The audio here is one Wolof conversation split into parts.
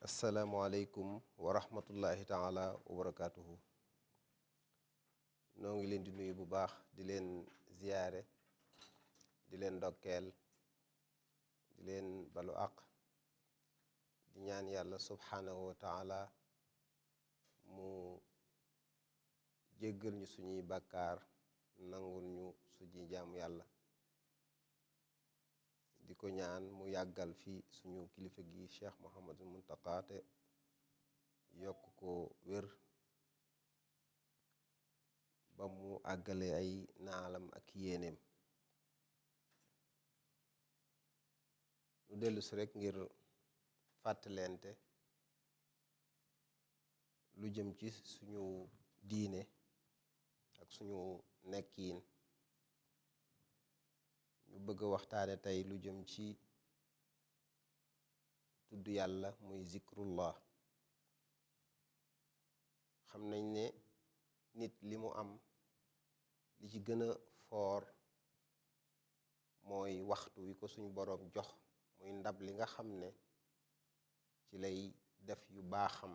asalaamualeykum wa rahmatullahi taala wa barakaatuhu ngi leen di nuyu bu baax di leen ziyaare di leen ndokkeel di leen balu àq di ñaan yàlla subhaanahu wa taala mu jéggal ñu suñuy bàkkaar nangul ñu suñuy jaamu yàlla ko ñaan mu yàggal fi suñu kilifa gi Cheikh Mouhamadul Mountakha te yokk ko wér ba mu àggalee ay naalam ak yéeneem lu dellusi rekk ngir fàttalente lu jëm ci suñu diine ak suñu nekkiin ñu bëgg a waxtaane tey lu jëm ci tudd yàlla muy zikrullah xam nañ ne nit li mu am li ci gën a foor mooy waxtu wi ko suñu boroom jox muy ndab li nga xam ne ci lay def yu baaxam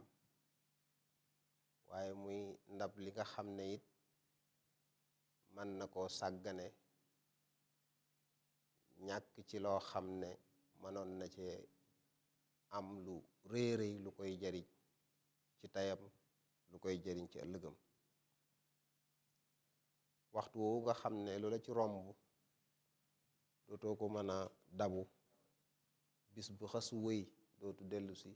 waaye muy ndab li nga xam ne it mën na ko sàggane ñàkk ci loo xam ne mënoon na cee am lu réeréy lu koy jariñ ci tayam lu koy jariñ ci ëllëgam waxtu woowu nga xam ne lu la ci romb dootoo ko mën a dabu bis bu xas wëy dootu dellusi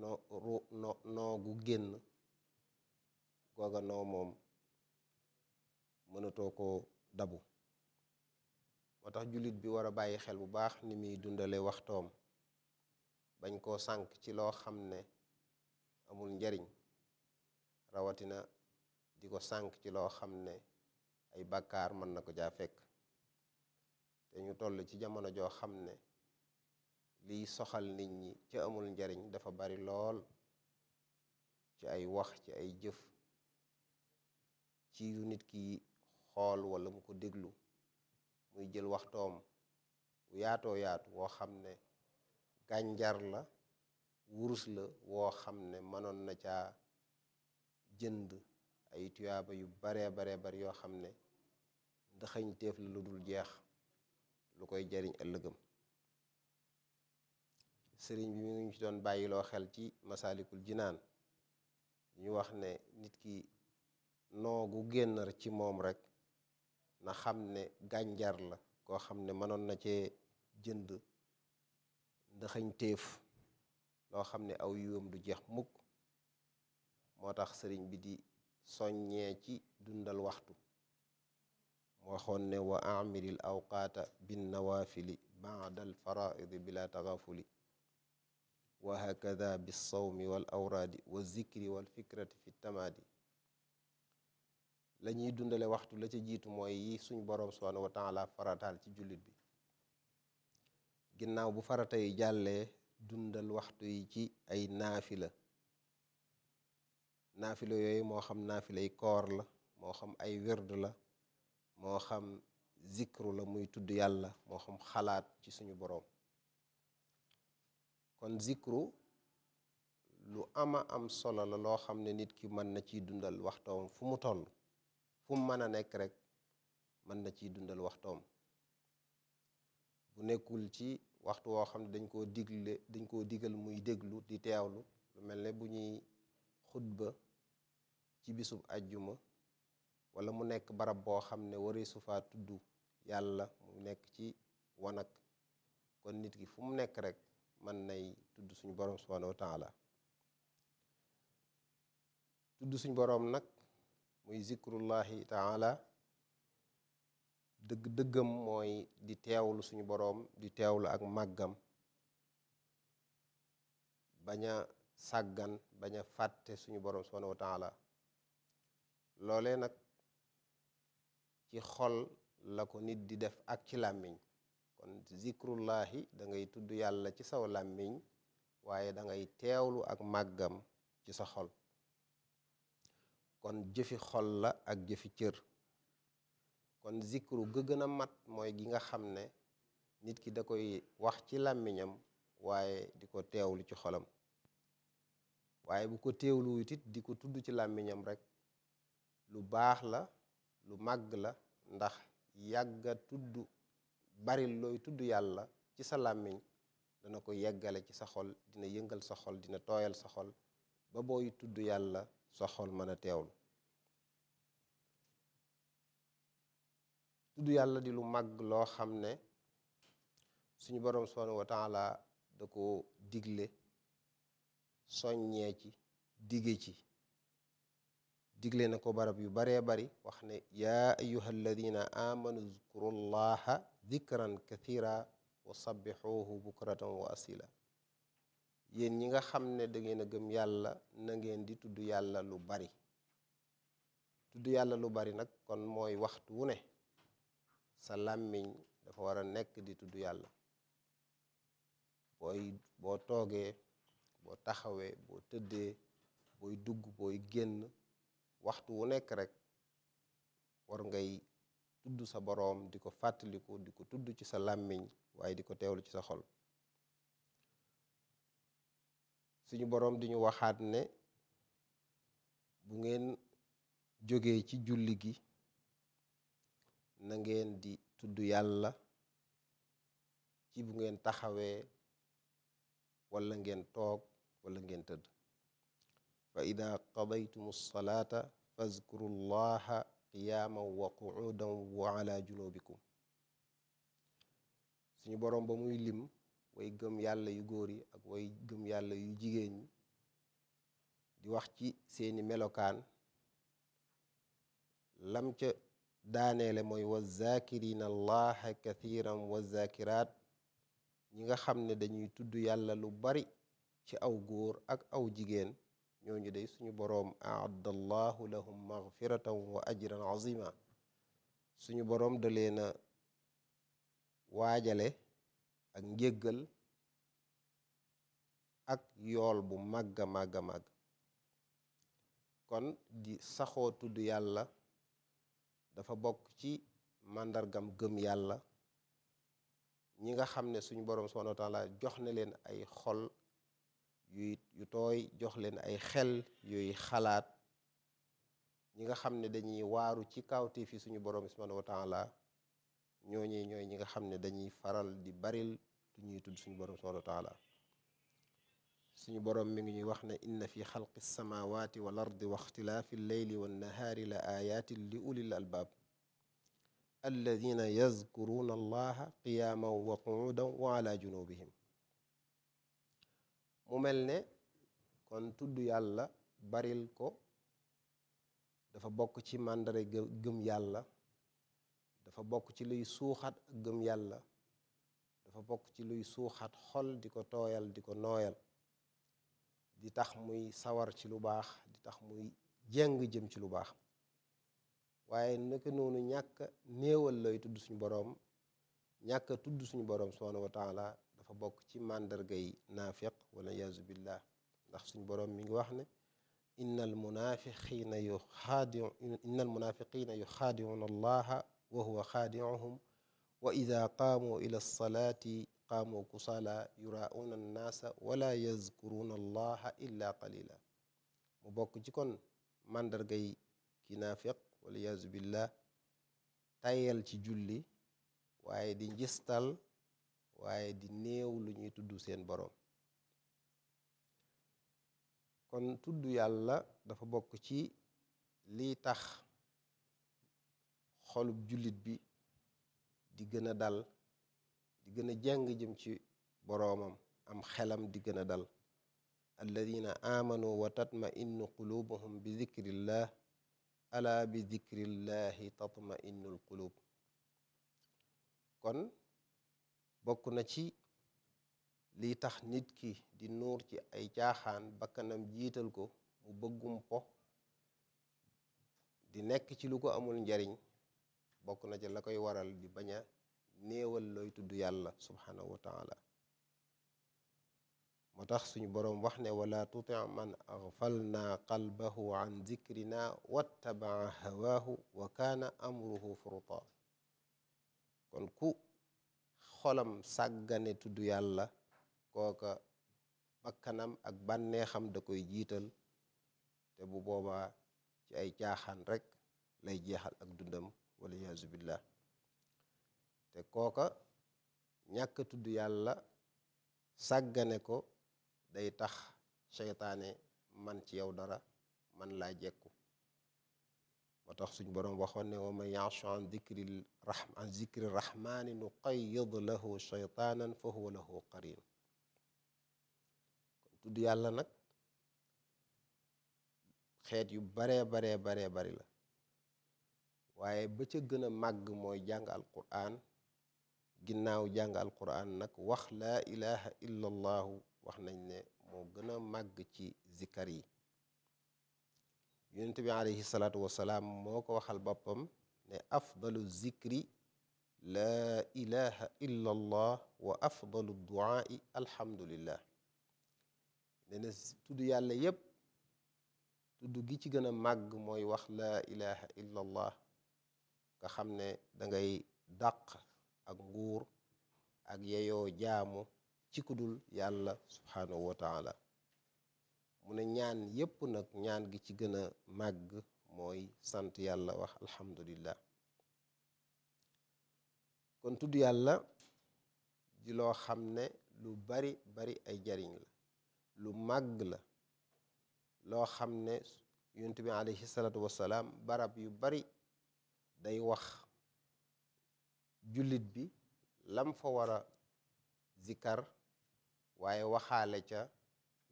noo noo gu génn googa noo moom mënatoo ko dabu moo tax jullit bi war a bàyyi xel bu baax ni muy dundale waxtoom bañ koo sànk ci loo xam ne amul njariñ rawatina di ko sànk ci loo xam ne ay bàkkaar mën na ko jaa fekk te ñu toll ci jamono joo xam ne liy soxal nit ñi ci amul njariñ dafa bari lool ci ay wax ci ay jëf ci yu nit ki xool wala mu ko déglu muy jël waxtoom u yaato yaatu woo xam ne gànjar la wurus la woo xam ne mënoon na caa jënd ay tuyaaba yu bare baree bari yoo xam ne ndaxañ teef la lu dul jeex lu koy jariñ ëllëgam sëriñ bi mi ngi ci doon bàyyiloo xel ci masaalikul jinaan ñu wax ne nit ki noo gu ci moom rekk na xam ne gànjar la koo xam ne mënoon na cee jënd ndaxañ téef loo xam ne aw yiwam du jeex mukk moo tax sëriñ bi di soññee ci dundal waxtu waxoon ne wa amiril awqaata bin nawaafili baada al faraidi bila taxafuli wa hakada bis sawmi wal awraadi wa zikri wal fikrati fi tamaadi lañuy dundale waxtu la ca jiitu mooy yi suñ boroom subhanahu wa taala farataal ci jullit bi ginnaaw bu farata yi jàllee dundal waxtu yi ci ay naafi la naafi la yooyu moo xam naafila yi koor la moo xam ay wird la moo xam zikru la muy tudd yàlla moo xam xalaat ci suñu boroom kon zikru lu ama am solo la loo xam ne nit ki mën na ciy dundal waxtoom fu mu toll fu mu mën a nekk rek mën na ci dundal waxtoom bu nekkul ci waxtu woo xam ne dañ koo digle dañ koo digal muy déglu di teewlu lu mel ne bu ñuy xutba ci bisub àjjuma wala mu nekk barab boo xam ne waree su tudd yàlla mu nekk ci wanag kon nit ki fu mu nekk rek mën nay tudd suñu boroom subhanahu wa tudd suñu boroom nag muy zikrullahi taala dëgg dëggam mooy di teewlu suñu boroom di teewlu ak màggam bañ sàggan bañ a fàtte suñu boroom subhanahu wa taala loole nag ci xol la ko nit di def ak ci làmmiñ kon zikrullahi da ngay tudd yàlla ci saw làmmiñ waaye dangay teewlu ak màggam ci sa xol kon jëfi xol la ak jëfi cër kon zikru ga gën a mat mooy gi nga xam ne nit ki da koy wax ci làmmiñam waaye di ko teewlu ci xolam waaye bu ko teewlu it di ko tudd ci làmmiñam rekk lu baax la lu màgg la ndax yàgga tudd bari looy tudd yàlla ci sa làmmiñ dana ko yeggale ci sa xol dina yëngal sa xol dina tooyal sa xol ba booy tudd yàlla sa xol mën a teewlu tudd yàlla di lu mag loo xam ne suñu boroom subhanahu wa taala da ko digle soññee ci dige ci digle na ko barab yu baree bari wax ne yaa ayuha alladina amanu zkuru llaha dikran kathira wa sabbixuuhu bukratan wa asila yéen ñi nga xam ne dangeen a gëm yàlla na ngeen di tudd yàlla lu bari tudd yàlla lu bari nag kon mooy waxtu wu ne sa làmmiñ dafa war a nekk di tudd yàlla booy boo toogee boo taxawee boo tëddee booy dugg booy génn waxtu wu nekk rek war ngay tudd sa boroom di ko fàttaliku di ko tudd ci sa làmmiñ waaye di ko teewlu ci sa xol suñu boroom di ñu waxaat ne bu ngeen jógee ci julli gi na ngeen di tudd yàlla ci bu ngeen taxawee wala ngeen toog walla ngeen tëdd fa ida qadaytum alsalaata fazkuru llaha qiyaaman wa qu'udan wa ala junubikum suñu boroom ba muy lim way gëm yàlla yu góor yi ak way gëm yàlla yu jigéen ñi di wax ci seeni melokaan lam ca daaneele mooy wa zaakirina allaha kathiran wa zaakiraat ñi nga xam ne dañuy tudd yàlla lu bari ci aw góor ak aw jigéen ñooñu day suñu boroom ahaddallahu lahum maghfiratan wa ajran azima suñu boroom da leen waajale ak njéggal ak yool bu màgga màgga màgg kon di saxoo tudd yàlla dafa bokk ci màndargam gëm yàlla ñi nga xam ne suñu boroom subhanahu wa taala jox na leen ay xol yuy yu tooy jox leen ay xel yuy xalaat ñi nga xam ne dañuy waaru ci kawte fii suñu boroom subhanahu wa taala ñooñee ñooy ñi nga xam ne dañuy faral di baril waxtu ñuy tudd suñu borom subhanahu wa suñu borom mi ngi wax ne inna fi xalqi samawati wal ardi wa ixtilaafi lleyli wannahaari la ayatin li ulil albaab alladina yazkuruuna wa quudan wa ala junubihim mu mel ne kon tudd yàlla baril ko dafa bokk ci màndare gëm yàlla dafa bokk ci luy suuxat ak gëm yàlla dafa bokk ci luy suuxat xol di ko tooyal di ko nooyal di tax muy sawar ci lu baax di tax muy jeng jëm ci lu baax waaye naka noonu ñàkk néewal lay tudd suñu boroom ñàkk tudd suñu boroom subhaanahu wa dafa bokk ci màndargay naafiq wala yaazu billah ndax suñu boroom mi ngi wax ne innal munaafiqiina yu xaadiu innal munaafiqiina yu xaadiuuna allaha wa huwa xaadiuhum wa ida qaamu ila lsalaati qaamu kusaala yuraauna annaasa wala yazkuruuna allaha illa qalila mu bokk ci kon màndargay ki naafiq waliyaasu billah tayal ci julli waaye di njistal waaye di new lu ñuy tudd seen boroom kon tudd yàlla dafa bokk ci lii tax xolub jullit bi di gën a dal di gën a jàng jëm ci boroomam am xelam di gën a dal alladina amanu wa tatma innu qulubuhum bi zikrillah ala bi zikrillahi qulub kon bokk na ci li tax nit ki di nuur ci ay caaxaan bakkanam jiital ko mu bëggum po di nekk ci lu ko amul njariñ bokk na ci la koy waral di bañ a néewal looy tudd yàlla subhanahu wa taala moo tax suñu boroom wax ne wala tuti man axfalna qalbahu an zikrina wattabaa hawaahu wa kaana amruhu furuta kon ku xolam sàggane tudd yàlla kooka bakkanam ak banneexam da koy jiital te bu boobaa ci ay caaxaan rekk lay jeexal ak dundam waliyaasu billah te kooka ñàkk tudd yàlla sàggane ko day tax seytaane man ci yow dara man laa jekku moo tax suñ boroom waxoon ne wa man ya'shu an dikri an zikri rahmaani lahu sheytaanan fa huwa lahu qarin tudd yàlla nag xeet yu baree baree baree bari la waaye ba ca gën a màgg mooy jàng alquran ginnaaw jàng alquran nag wax laa ilaha illa wax nañ ne moo gën a màgg ci zikar yi yonent bi alayhi salaatu wasalaam moo ko waxal boppam ne afdalu na tudd yàlla yépp tudd gi ci gën a màgg mooy wax laa ilaha illa nga xam ne dangay dàq ak nguur ak yeyoo jaamu ci ku dul yàlla subhanahu wa mu ne ñaan yépp nag ñaan gi ci gën a màgg mooy sant yàlla wax alhamdulillah kon tudd yàlla di loo xam ne lu bari bari ay jariñ la lu màgg la loo xam ne yonent bi alayhi wassalaam barab yu bari day wax jullit bi lam fa war a zikar waaye waxaale ca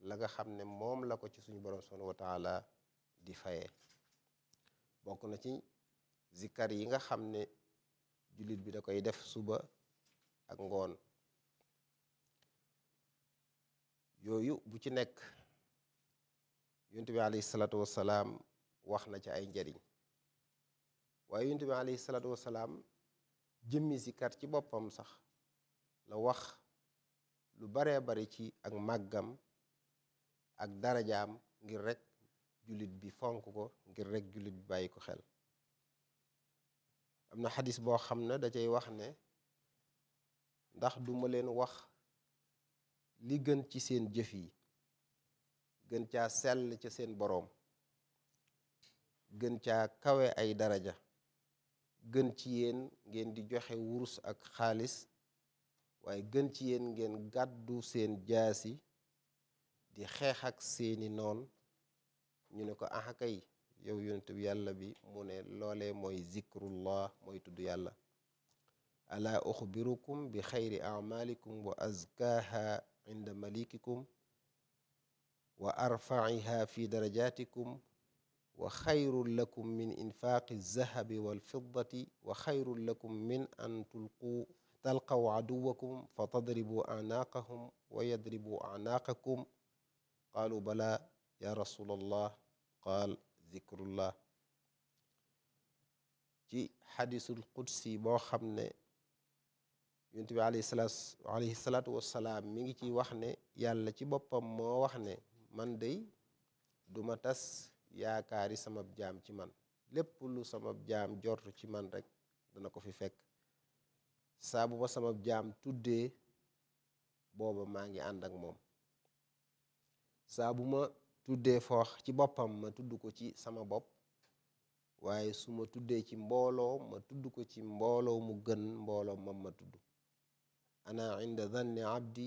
la nga xam ne moom la ko ci suñu borom subhanahu wa taala di fayee bokk na ci zikar yi nga xam ne jullit bi da koy def suba ak ngoon yooyu bu ci nekk yonent bi alayhi salaatu wassalaam wax na ca ay njariñ waaye yonent bi alayhi salaam wasalaam jëmmi sikar ci boppam sax la wax lu baree bari ci ak màggam ak darajaam ngir rek jullit bi fonk ko ngir rek jullit bi bàyyi ko xel am na xadis boo xam ne da cay wax ne ndax duma leen wax li gën ci seen jëf yi gën caa sell ca seen boroom gën caa kawe ay daraja gën ci yéen ngeen di joxe wurus ak xaalis waaye gën ci yéen ngeen gàddu seen jaasi di xeex seeni noon ñu ne ko ah kay yow yonent bi yàlla bi mu ne loolee mooy zikrullah mooy tudd yàlla ala uxbirukum bi xayri amalikum wa azkaaha inda malikikum wa arfaiha fi darajatikum wa xayrun lakum min infaaqi zahabi walfiddati wa xayrun lakum min an tulqu talqaw aduwakum fa tadribu anaaqahum wa yadribu anaaqakum qaalu bala ya rasulallah qaal zikrullah ci xadisul qudsi boo xam ne yonent bi mi ngi ciy wax ne yàlla ci boppam moo wax ne man day duma tas yaakaari samab jaam ci man lépp lu samab jaam jortu ci man rek dana ko fi fekk saa bu ma samab jaam tuddee booba maa ngi ànd moom saa bu ma tuddee foo ci boppam ma tudd ko ci sama bopp waaye suma tuddee ci mbooloo ma tudd ko ci mbooloo mu gën mbooloo mam ma tudd ana inda danni abdi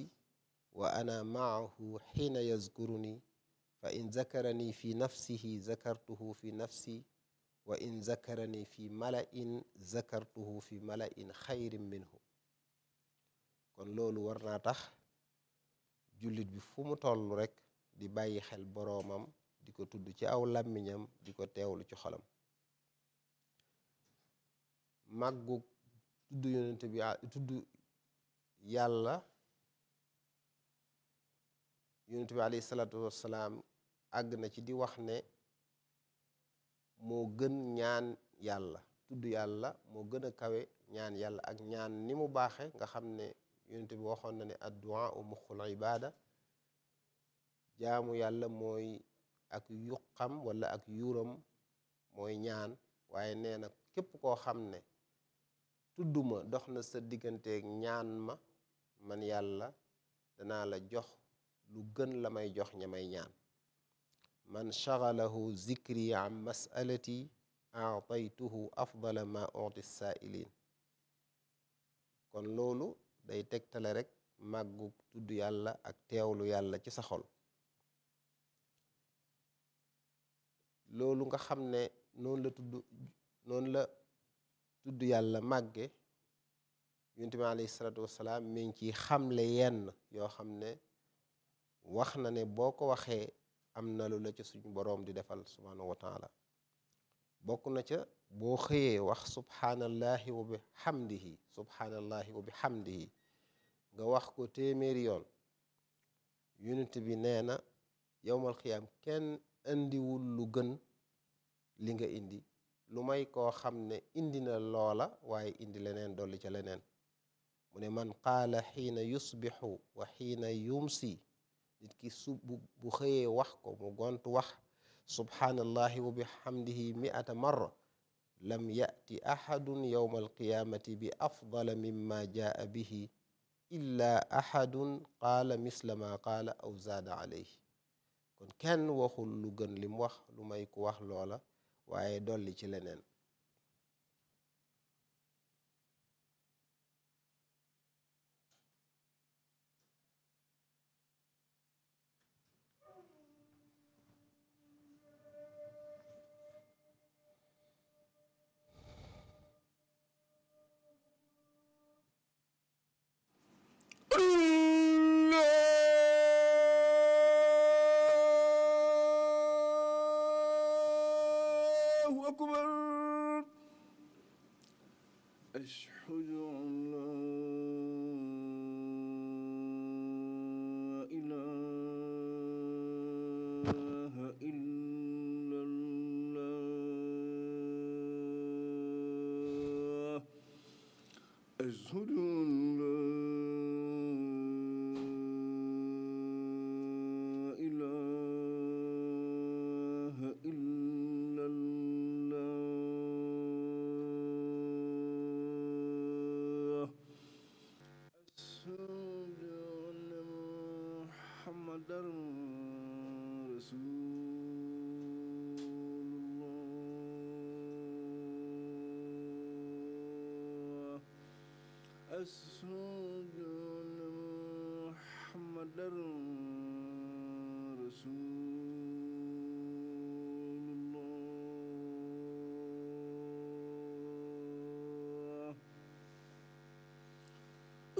wa ana maahu xiina yazkuruni fa in zakarani fi nafsihi zakartuhu fi nafsi wa in zakarani fi mala'in zakartuhu fi mala'in xayrin minhu kon loolu war naa tax jullit bi fu mu toll rekk di bàyyi xel boroomam di ko tudd ci aw làmmiñam di ko teewlu ci xolam màggu tudd yonent bi alayhi salaatu wassalaam àgg na ci di wax ne moo gën ñaan yàlla tudd yàlla moo gën a kawe ñaan yàlla ak ñaan ni mu baaxe nga xam ne yonent bi waxoon na ne adduwaa u muxul ibaada jaamu yàlla mooy ak yuqam wala ak yuram mooy ñaan waaye nee na képp koo xam ne tudd ma dox na sa digganteeg ñaan ma man yàlla danaa la jox lu gën la may jox ña may ñaan man shagalahu zikri an masalati aataytuhu afdala ma uti saailin kon loolu day tegtale rek màggu tudd yàlla ak teewlu yàlla ci sa xol loolu nga xam ne noonu la tudd noonu la tudd yàlla màgge yonent bi alayhi salaatu wasalaam mi ngi xamle yenn yoo xam ne wax na ne boo ko waxee am na lu la ca suñu boroom di defal subhaanahu wa bokk na ca boo xëyee wax subhaanallahi wa bi xamdihi subhaanallahi wa bi xamdihi nga wax ko téeméeri yoon yonent bi nee na yowmal xiyaam kenn indiwul lu gën li nga indi lu may koo xam ne indi na loola waaye indi leneen dolli ca leneen mu ne man qaala xiina yusbixu wa xiina yumsi nit ki su xëyee wax ko mu gont wax subhaanallahi wa bihamdihi miata marra lam yati axadun yowma alqiyaamati bi afdala mimma jaa bihi illa axadun qaala misla ma qaala aw zaada alayhi kon kenn waxul lu gën lim wax lu may ku wax loola waaye dolli ci leneen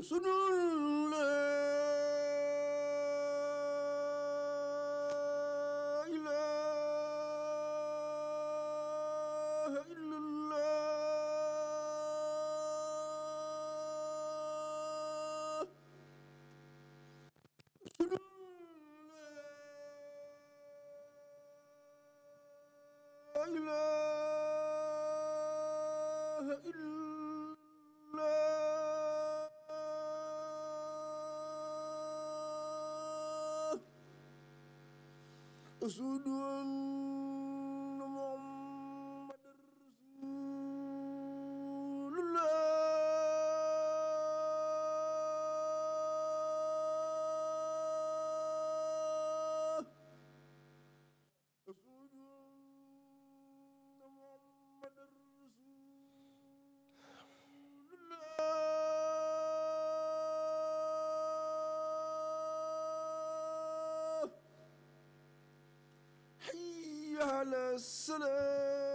su dul سدى على السلام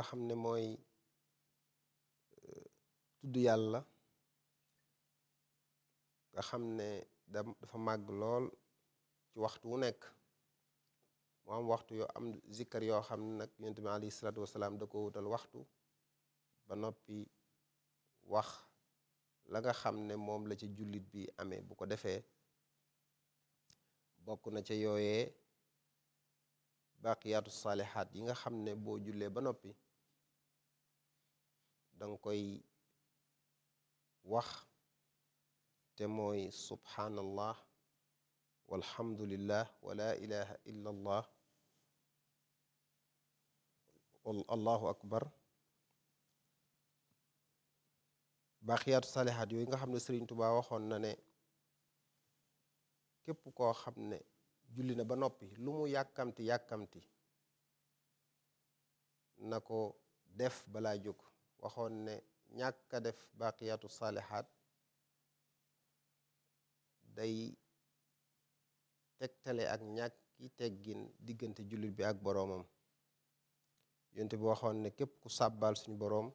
nga xam ne mooy euh, tudd yàlla nga xam ne dafa màgg lool ci waxtu wu nekk mu am waxtu yoo am zikkar yoo xam ne nag yonent bi alayhi salaatu wasalaam da ko wutal waxtu ba noppi wax la nga xam ne moom la ci jullit bi amee bu ko defee bokk na ca yooyee baqiyaatu saalihaat yi nga xam ne boo jullee ba noppi danga koy wax te mooy subhaanallah walhamdulillah wala la ilaha illa allah allahu akbar baaxiyaatu saalihaat yooyu nga xam ne Sëriñ ba waxoon na ne képp koo xam ne julli na ba noppi lu mu yàkkamti yàkkamti na ko def balaa jóg waxoon ne ñàkk a def baqiyatu saalihaat day tegtale ak ñàkki teggin diggante jullit bi ak boroomam yonte bi waxoon ne képp ku sàbbaal suñu boroom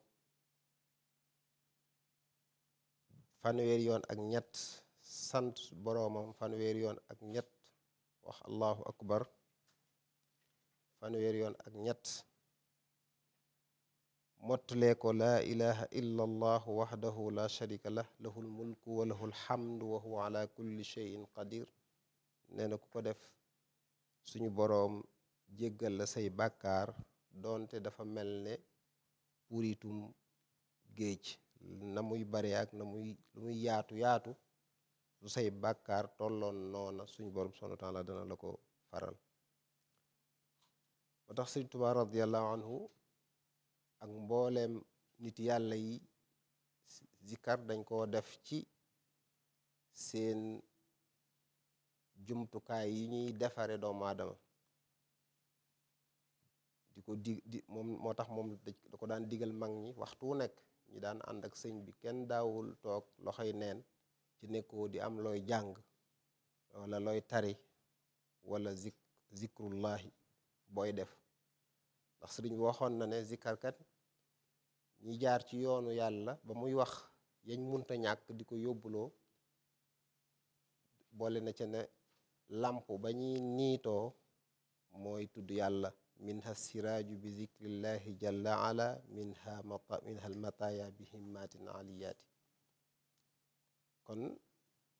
fanweer yoon ak ñett sant boroomam fanweer yoon ak ñett wax allahu akbar fanweer yoon ak ñett mottalee ko laa ilaha illa waxdahu la sharika lah lahul mulku wa lahul xamdu wa huwa ala kulli cheyin qadir nee na ku ko def suñu boroom jéggal la say bàkkaar doonte dafa mel ne puritum géej na muy bare ak na muy lu yaatu yaatu su say bàkkaar tolloon noona suñu boroom subhanahu wa taala dana la ko faral anhu ak mbooleem nit yàlla yi zikar dañ koo def ci seen jumtukaay yi ñuy defare doomu aadama di ko di di moom moo tax moom da ko daan digal mag ñi waxtu wu nekk ñi daan ànd ak sëñ bi kenn daawul toog loxoy neen ci nekkoo di am looy jàng wala looy tari wala zik zikrullahi booy def ndax waxoon na ne zikkarkat ñi jaar ci yoonu yàlla ba muy wax yañ munta ñàkk di ko yóbbuloo boole na ca ne làmp ba ñuy niitoo mooy tudd yàlla minha siraaju bi zikrillahi jalla ala minha mata minha almataya bi himmatin aliyaati kon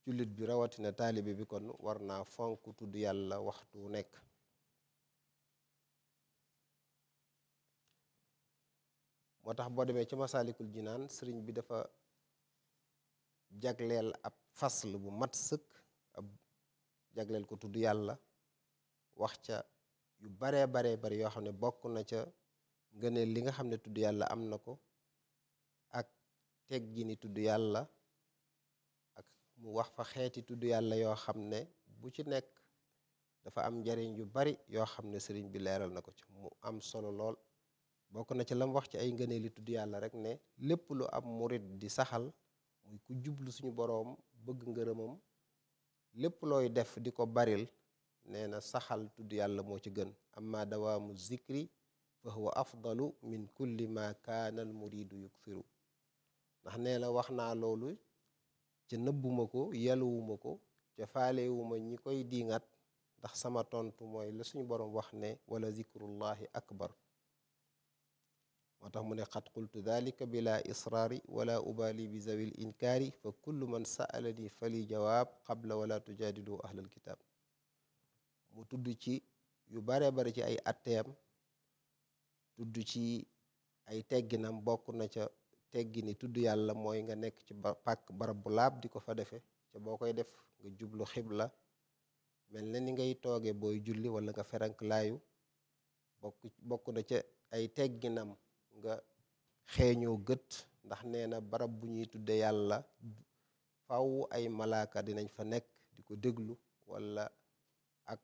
jullit bi rawatina taalibe bi kon war naa fonk tudd yàlla waxtu nekk moo tax boo demee ci masaalikul jinaan sëriñ bi dafa jagleel ab fasl bu mat sëkk ab jagleel ko tudd yàlla wax ca yu baree baree bari yoo xam ne bokk na ca ngëneel li nga xam ne tudd yàlla am na ko ak teggini tudd yàlla ak mu wax fa xeeti tudd yàlla yoo xam ne bu ci nekk dafa am njariñ yu bari yoo xam ne sëriñ bi leeral na ko ci mu am solo lool bokk na ci lam wax ci ay ngëneel li tudd yàlla rek ne lépp lu ab murit di saxal muy ku jublu suñu boroom bëgg ngërëmam lépp looy def di ko baril nee na saxal tudd yàlla moo ci gën amma dawaamu zikri fa huwa afdalu min kulli ma kaana al muridu yukthiru ndax nee na wax naa loolu ca nëbbuma ko yaluwuma ko ca faalewuma ñi koy diingat ndax sama tontu mooy la suñu boroom wax ne wala zikrullahi akbar moo tax mu ne xad qultu dalika bila israari wala ubali bi zawil inkaari fa kullu man saalani fali jawaab qabla wala tujaadilu ahlal kitaab mu tudd ci yu bare bare ci ay atteem tudd ci ay tegginam bokk na ca teggini tudd yàlla mooy nga nekk ci pàkk barab bu laab di ko fa defe ca boo koy def nga jublu xibla mel na ni ngay tooge booy julli wala nga ferank laayu bokk bokk na ca ay tegginam nga xeeñoo gët ndax nee na barab bu ñuy tudde yàlla faw ay malaaka dinañ fa nekk di ko déglu wala ak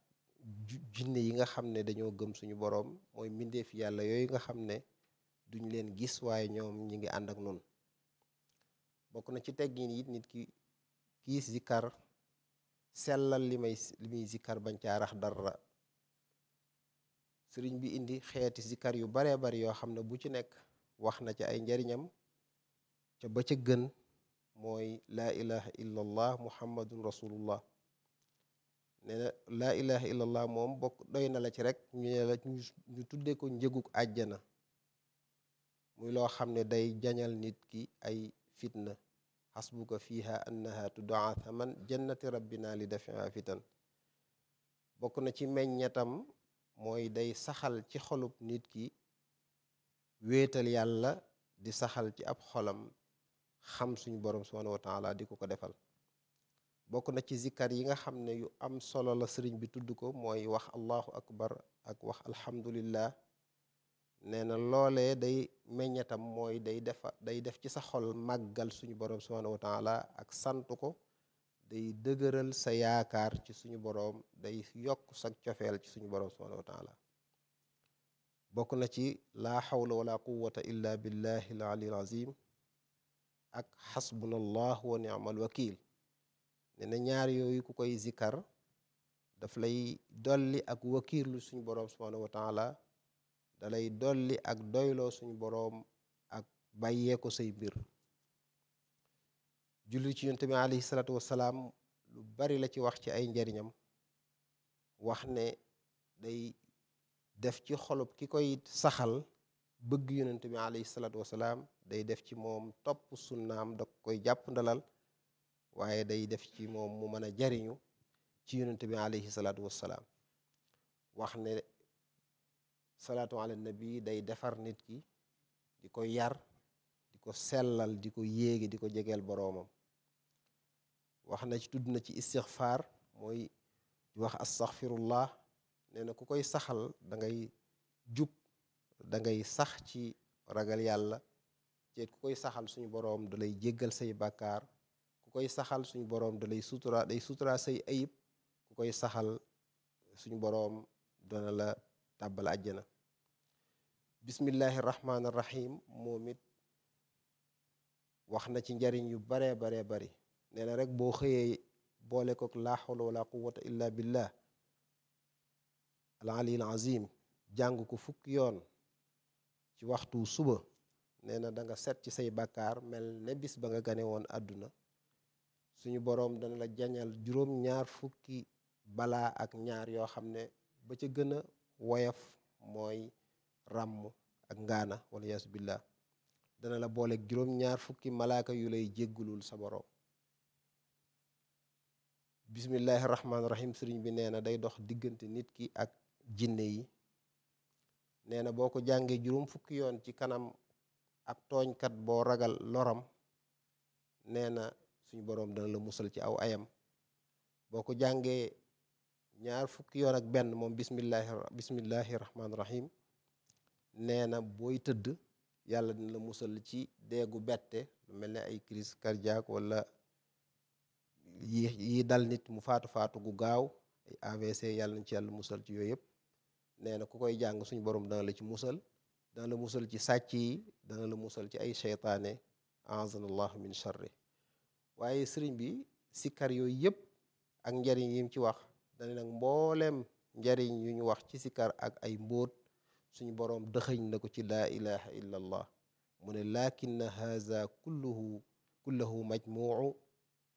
jinne yi nga xam ne dañoo gëm suñu boroom mooy mbindeef yàlla yooyu nga xam ne duñ leen gis waaye ñoom ñi ngi ànd ak nun bokk na ci teggin it nit ki kii zikar sellal li may li muy zikar bañ ca rax dara sëriñ bi indi xeeti zikar yu baree bari yoo xam ne bu ci nekk wax na ci ay njariñam ca ba ca gën mooy laa ilaha illallah muhammadun rasulullah nee na laa moom bokk doy na la ci rek ñu ne la ñu tuddee ko njëgug àjjana muy loo xam ne day jañal nit ki ay fitna xasbuka fiha annaha tudaa thaman jannati rabbina li dafia fitan bokk na ci meññetam mooy day saxal ci xolub nit ki wéetal yàlla di saxal ci ab xolam xam suñu borom subhanahu wa taala di ko ko defal bokk na ci zikkar yi nga xam ne yu am solo la sëriñ bi tudd ko mooy wax allahu akbar ak wax alhamdulillah nee na loolee day meññatam mooy day defa day def ci sa xol màggal suñu borom subhanahu wa taala ak sant ko day dëgëral sa yaakaar ci suñu boroom day yokk sa cofeel ci suñu boroom subhaanahu wa taala bokk na ci laa xawla wala quwata illa billahi al aliyil azim ak xasbunallah wa ni'mal wakil ne na ñaar yooyu ku koy zikkar daf lay dolli ak wakiirlu suñu boroom subhaanahu wa taala da dolli ak doyloo suñu boroom ak bàyyee say mbir julli ci yonte bi alayhi salaatu wasalaam lu bari la ci wax ci ay njariñam wax ne day def ci xolub ki koy saxal bëgg yonente bi alayhi salaatu wasalaam day def ci moom topp sunnaam da koy jàpp ndalal waaye day def ci moom mu mën a jariñu ci yonente bi alayhi salaatu wasalaam wax ne salaatu ala nabi day defar nit ki di ko yar di ko sellal di ko yéegi di ko jegeel boroomam wax na ci tudd na ci istixfaar mooy wax astaxfirullah nee na ku koy saxal dangay ngay jub da sax ci ragal yàlla ceet ku koy saxal suñu boroom da lay jéggal say bàkkaar ku koy saxal suñu boroom da lay sutura day sutura say ayib ku koy saxal suñu boroom dana la tàbbal àjjana bismillahi rahmaani rahim moom it wax na ci njariñ yu baree baree bari nee na rek boo xëyee boole kook laa xawla wala quwata illa billah al aliyil jàng ko fukki yoon ci waxtu suba nee na da nga set ci say bàkkaar mel ne bis ba nga gane woon àdduna suñu boroom dana la jañal juróom ñaar fukki balaa ak ñaar yoo xam ne ba ca gën a woyof mooy ràmm ak ngaana wala yaasu billah dana la boole juróom ñaar fukki malaaka yu lay jéggulul sa boroom bismillahi rahmaani rahim sëriñ bi nee na day dox diggante nit ki ak jinne yi nee na boo ko jàngee juróom fukki yoon ci kanam ab tooñkat boo ragal loram nee na suñu boroom dana la musal ci aw ayam boo ko jàngee ñaar fukki yoon ak benn moom bismillahi bismillahi rahmaani rahim nee booy tëdd yàlla dina la musal ci deegu bette lu mel ni ay crise cardiaque wala yii yi dal nit mu faatu faatu gu gaaw AVC yàlla nañ ci yàlla musal ci yooyu yëpp nee na ku koy jàng suñu borom dana la ci musal dana la musal ci sàcc yi dana la musal ci ay seytaane azan allah min sharri waaye sëriñ bi sikkar yooyu yëpp ak njariñ yim ci wax dana nag mbooleem njariñ yu ñu wax ci sikkar ak ay mbóot suñu boroom dëxëñ na ko ci la ilaha illa allah mu ne lakinna haza kulluhu kullahu majmuu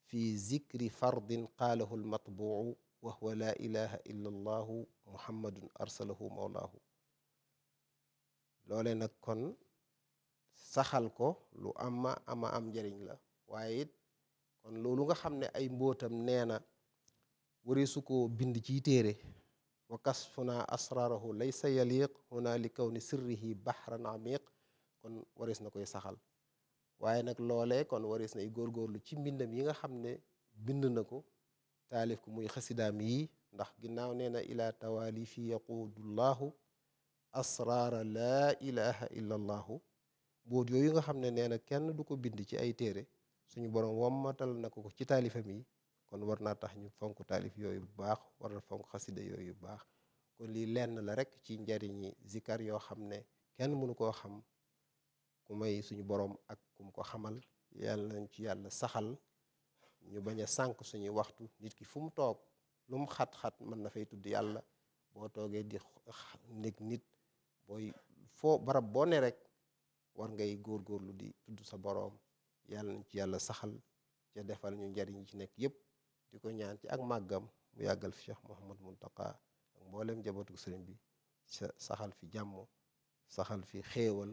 fi zikri fardin qaalahu almatbuu wa huwa laa ilaha illa allahu muhammadun arsalahu mawlaahu loole nag kon saxal ko lu ama ama am njariñ la waaye it kon loolu nga xam ne ay mbóotam nee na ko bind ciy téere wa kasfuna asraarahu laysa yaliq huna li kawni sirrihi bahran amiq kon warees na koy saxal waaye nag loole kon waris góor góorlu ci mbindam yi nga xam ne bind na ko taalif ko muy xasidaam yi ndax ginnaaw nee na ila tawaalifi yaqudullahu asraara laa ilaha illa allahu boot yooyu nga xam ne nee na kenn du ko bind ci ay téere suñu borom wammatal na ko ci taalifam yi kon war na tax ñu fonk taalif yooyu bu baax war na fonk xasida yooyu bu baax kon lii lenn la rek ci njariñi zikar yoo xam ne kenn mënu koo xam ku may suñu boroom ak kum ko xamal yàlla nañ ci yàlla saxal ñu bañ a sànq suñuy waxtu nit ki fu mu toog lum mu xat-xat mën na fay tudd yàlla boo toogee di nekk nit booy foo barab bone rek war ngay góor góorlu di tudd sa boroom yàlla nañ ci yàlla saxal ca defal ñu njariñ ci nekk yëpp di ko ñaan ci ak màggam mu yàggal fi Cheikh Mouhamad Muntaka ak mbooleem jabootu sëriñ bi sa saxal fi jàmm saxal fi xéewal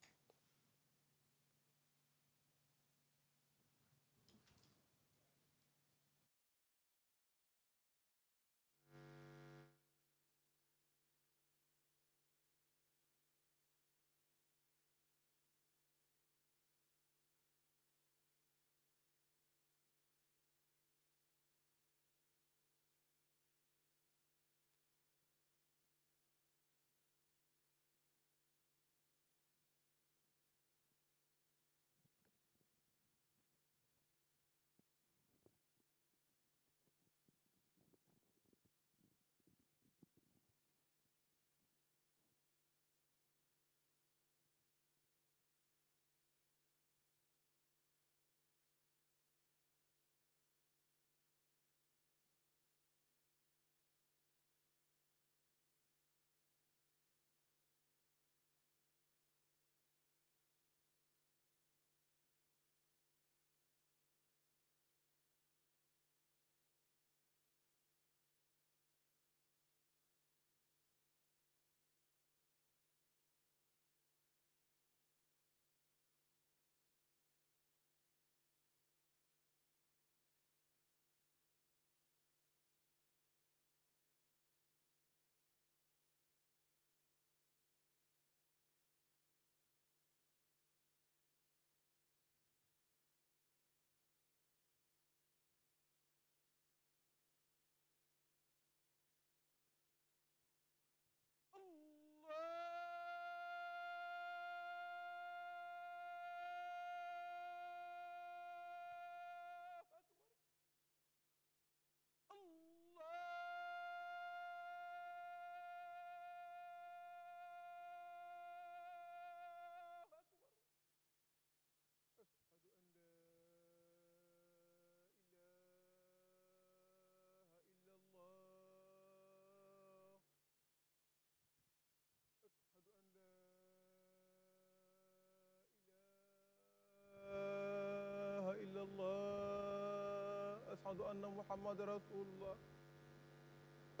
ashhadu anna muhammadan rasulullah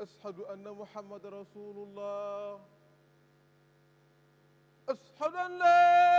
ashhadu anna muhammadan rasulullah ashhadu an la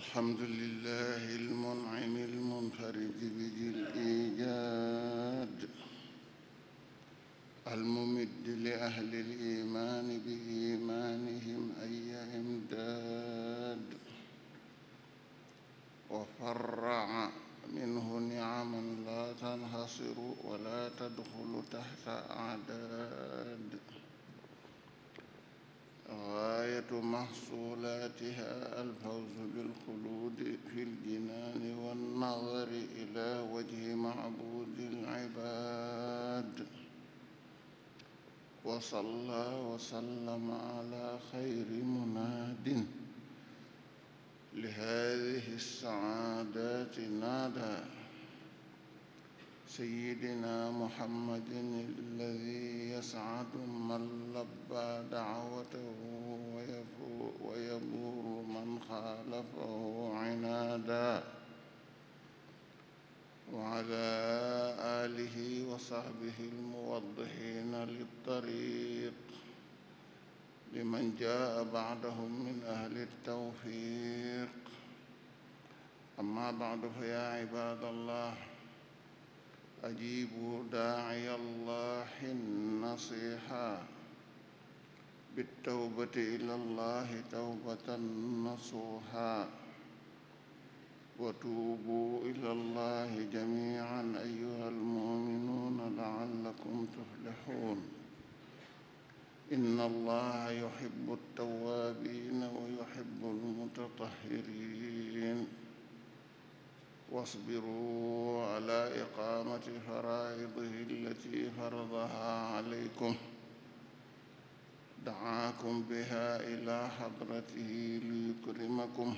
الحمد لله المنعم المنفرد بذي الإيجاد الممد لأهل الإيمان بإيجاد محصولاتها الفوز بالخلود في الجنان والنظر إلى وجه معبود العباد وصلى وسلم على خير مناد لهذه السعادات نادى سيدنا محمد الذي يسعد من لبى دعوته ويبور من خالفه عنادا وعلى آله وصحبه الموضحين للطريق لمن جاء بعدهم من أهل التوفيق أما بعد فيا عباد الله أجيبوا داعي الله النصيحا بالتوبة إلى الله توبة نصوحا وتوبوا إلى الله جميعا أيها المؤمنون لعلكم تفلحون إن الله يحب التوابين ويحب المتطهرين واصبروا على إقامة فرائضه التي فرضها عليكم دعاكم بها إلى حضرته ليكرمكم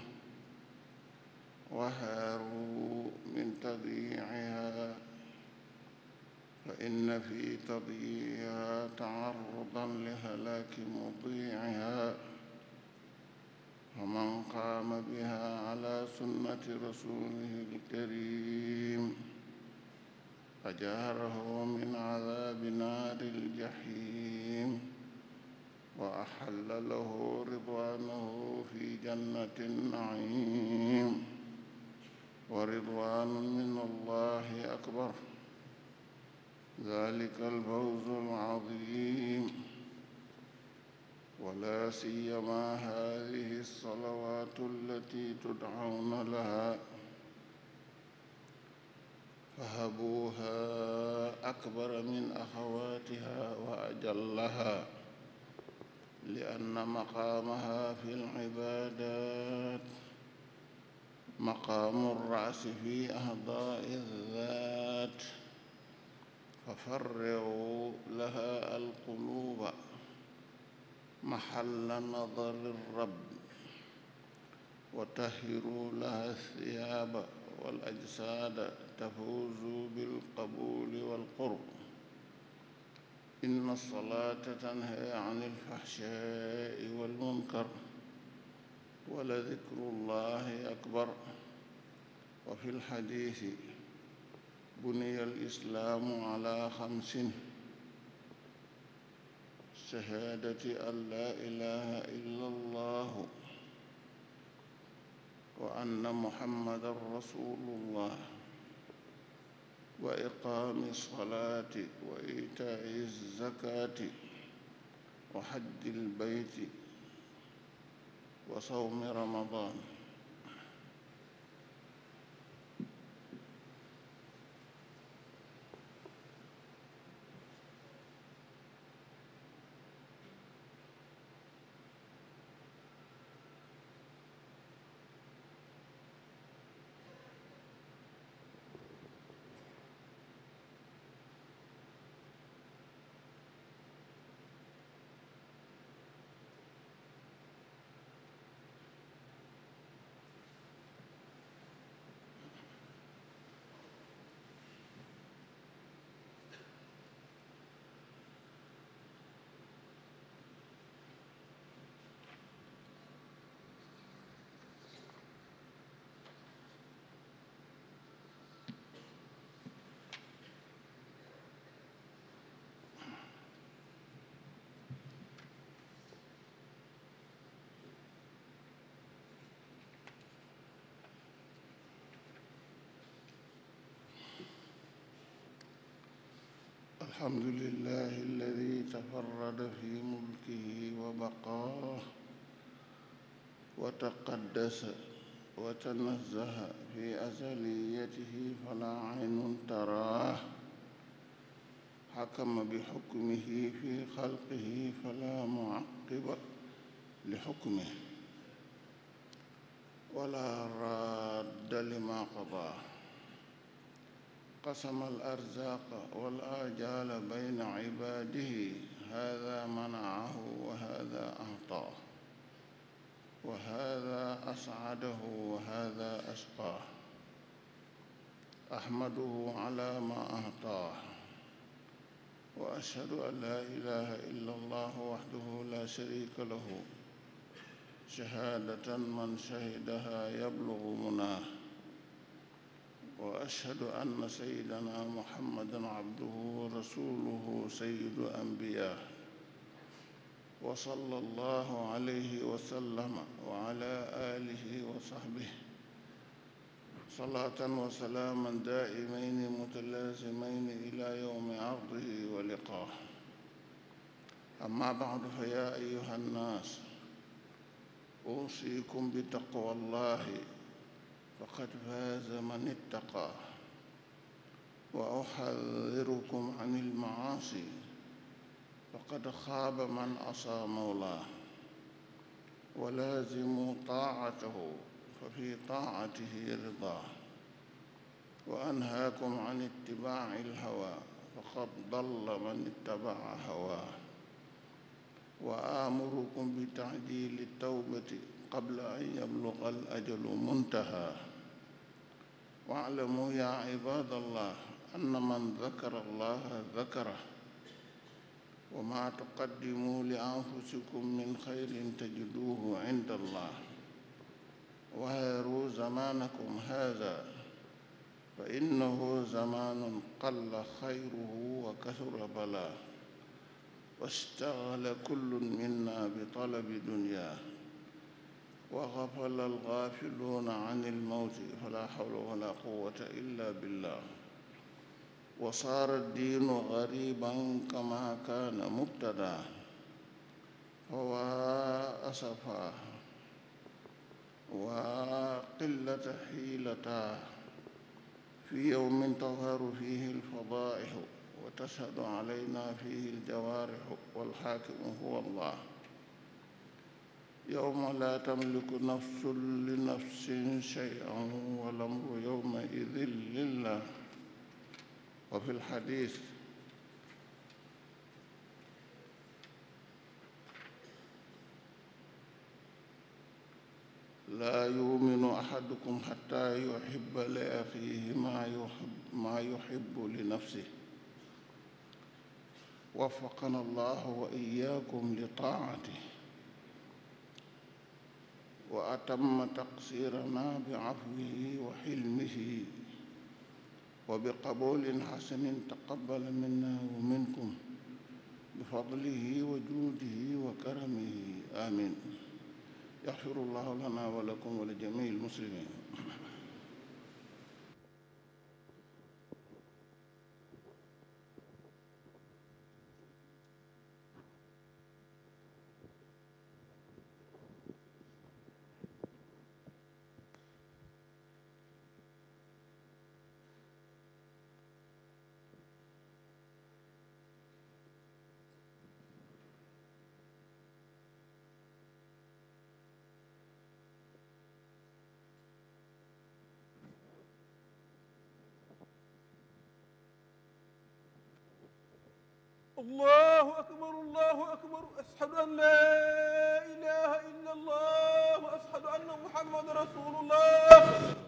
وهاروا من تضييعها فإن في تضييعها تعرضا لهلاك مضيعها ومن قام بها على سنة رسوله الكريم أجاره من عذاب نار الجحيم وأحل له رضوانه في جنة النعيم ورضوان من الله أكبر ذلك الفوز العظيم ولا سيما هذه الصلوات التي تدعون لها فهبوها أكبر من أخواتها وأجلها لأن مقامها في العبادات مقام الرأس في أعضاء الذات ففرغوا لها القلوب محل نظر الرب وطهروا لها الثياب والأجساد تفوز بالقبول والقرب إن الصلاة تنهى عن الفحشاء والمنكر ولذكر الله أكبر وفي الحديث بني الإسلام على خمسٍ شهادة أن لا إله إلا الله وأن محمدا رسول الله وإقام الصلاة وإيتاء الزكاة وحج البيت وصوم رمضان الحمد لله الذي تفرد في ملكه وبقاه وتقدس وتنزه في أزليته فلا عين تراه حكم بحكمه في خلقه فلا معقب لحكمه ولا راد لما قضاه قسم الأرزاق والآجال بين عباده هذا منعه وهذا أعطاه وهذا أسعده وهذا أشقاه أحمده على ما أعطاه وأشهد أن لا إله إلا الله وحده لا شريك له شهادة من شهدها يبلغ مناه واشهد ان سيدنا محمدا عبده ورسوله سيد الانبياء وصلى الله عليه وسلم وعلى اله وصحبه صلاه وسلاما دائمين متلازمين الى يوم عرضه ولقاه اما بعد فيا ايها الناس اوصيكم بتقوى الله faqad faaza man ittaqaa wa uxadirukum an ilmaasi faqad xaaba man asaa mawlaa wa laazimu taacatahu fa fi taacatihi ridaa wa anhaakum an ittibaaci alhawaa faqad dalla man ittabaca hawaa wa aamurukum bi tacjiili tawbati qabla an yabluga al ajalu muntaha waalamu ya ibadallah anna man dakara allaha dakara wa ma tuqaddimu li anfusikum min khayrin tajiduhu inda allah وهيروا زمانكم هذا فإنه زمان قل خيره وكثر بلاه واستغل كل منا بطلب دنياه وغفل الغافلون عن الموت فلا حول ولا قوة إلا بالله وصار الدين غريبا كما كان مبتدا فوا أسفا وقلة حيلتا في يوم تظهر فيه الفضائح وتشهد علينا فيه الجوارح والحاكم هو الله yowma laa tamliku nafsun li nafsin shay'an wal amru yowma idin lillah wa fi lxadis laa yuminu axadukum xataa yuxiba li axiihi maa yuxibu li nafsihi waffaqana allahu wa iyyaakum li taa'atihi wa atamma taqsiranaa bi afwihi wa xilmihi wa bi qabuulin xasanin taqabbala minnaa wa minkum bi fadlihi wa juudihi wa karamihi amiin yaxfirullaahu lanaa wa lakum wa li jamiil muslimiin allahu akbar allahu akbar ashhadu an la ilaha illa allah wa ashhadu anna muhammadan rasulullah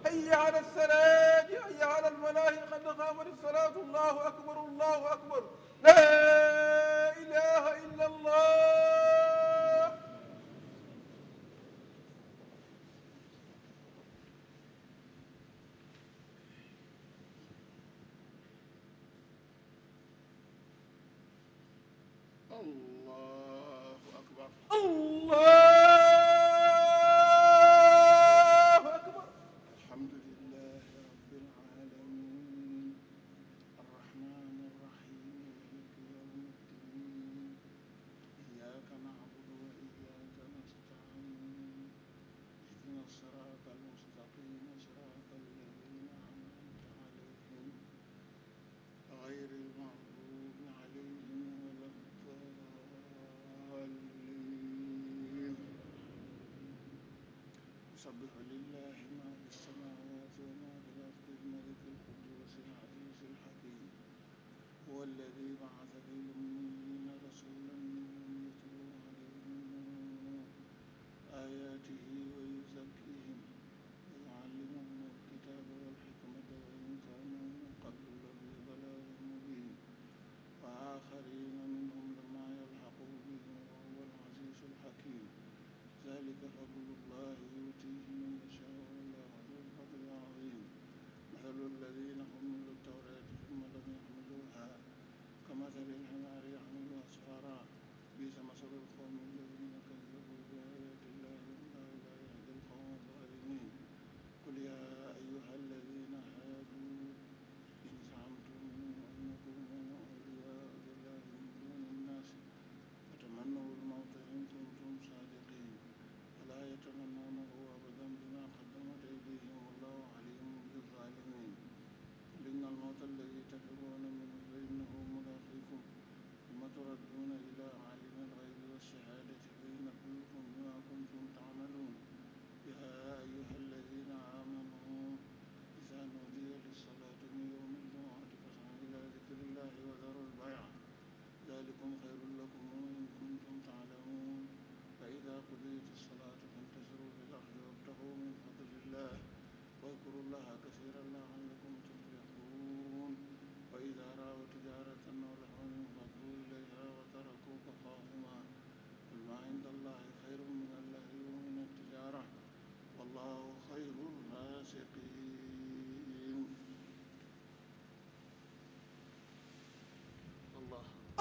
hayya ala salaati hayya ala alfalaahi qad qaamat salaatu allahu akbar allahu akbar la ilaha illa allah الله أكبر الله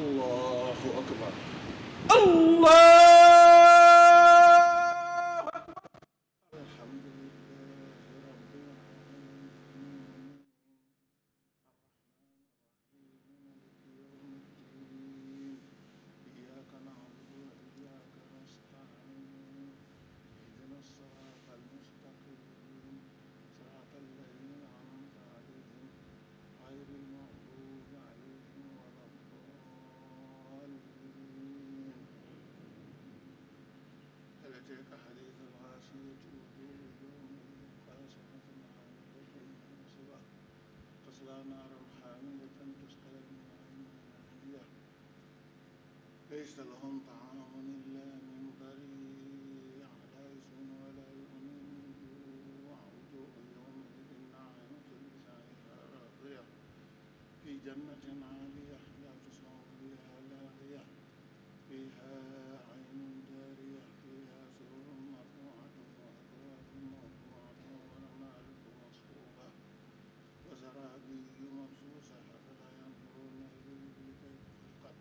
allahu akbar allah جنة عالية لا تسمع فيها لاغية فيها عين جارية فيها سرر مرفوعة وأكواب موضوعة ونمارق مصفوفة وزرابي مبسوسة أفلا ينظرون إلى الإبل كيف خلقت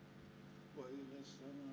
وإلى السماء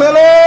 Marcelo